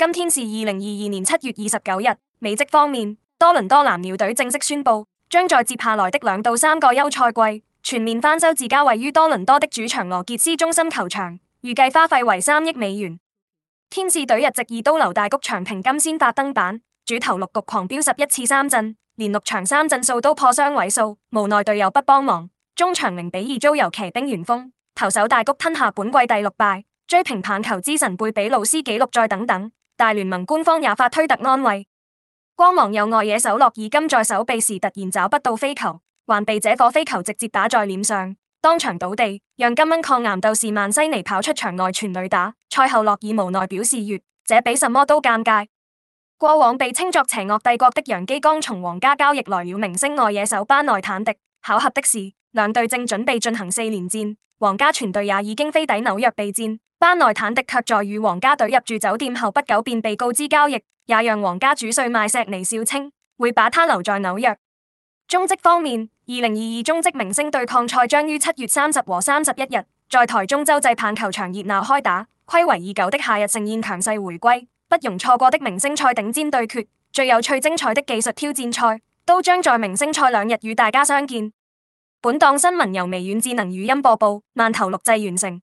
今天是二零二二年七月二十九日。美職方面，多倫多藍鳥隊正式宣布，將在接下來的兩到三個休賽季全面翻修自家位於多倫多的主場羅傑斯中心球場，預計花費為三億美元。天使隊日籍二刀流大谷翔平今先發登板，主投六局狂飆十一次三振，連六場三振數都破雙位數，無奈隊友不幫忙，中場零比二遭遊騎兵完封，投手大谷吞下本季第六敗，追平棒球之神貝比魯斯紀錄，再等等。大聯盟官方也發推特安慰，光芒有外野手洛爾金在守備時突然找不到飛球，還被這個飛球直接打在臉上，當場倒地，讓金鶯抗癌鬥士曼西尼跑出場外全壘打。賽後洛爾無奈表示越，越這比什麼都尷尬。過往被稱作邪惡帝國的洋基，剛從皇家交易來了明星外野手班內坦迪。巧合的是，兩隊正準備進行四連戰，皇家全隊也已經飛抵紐約備戰。班內坦迪卻在與皇家隊入住酒店後不久便被告知交易，也讓皇家主帥麥石尼笑稱會把他留在紐約。中職方面，二零二二中職明星對抗賽將於七月三十和三十一日，在台中洲際棒球場熱鬧開打，暌違已久的夏日盛宴強勢回歸，不容錯過的明星賽頂尖對決、最有趣精彩的技術挑戰賽，都將在明星賽兩日與大家相見。本檔新聞由微軟智能語音播報，慢頭錄製完成。